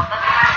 好的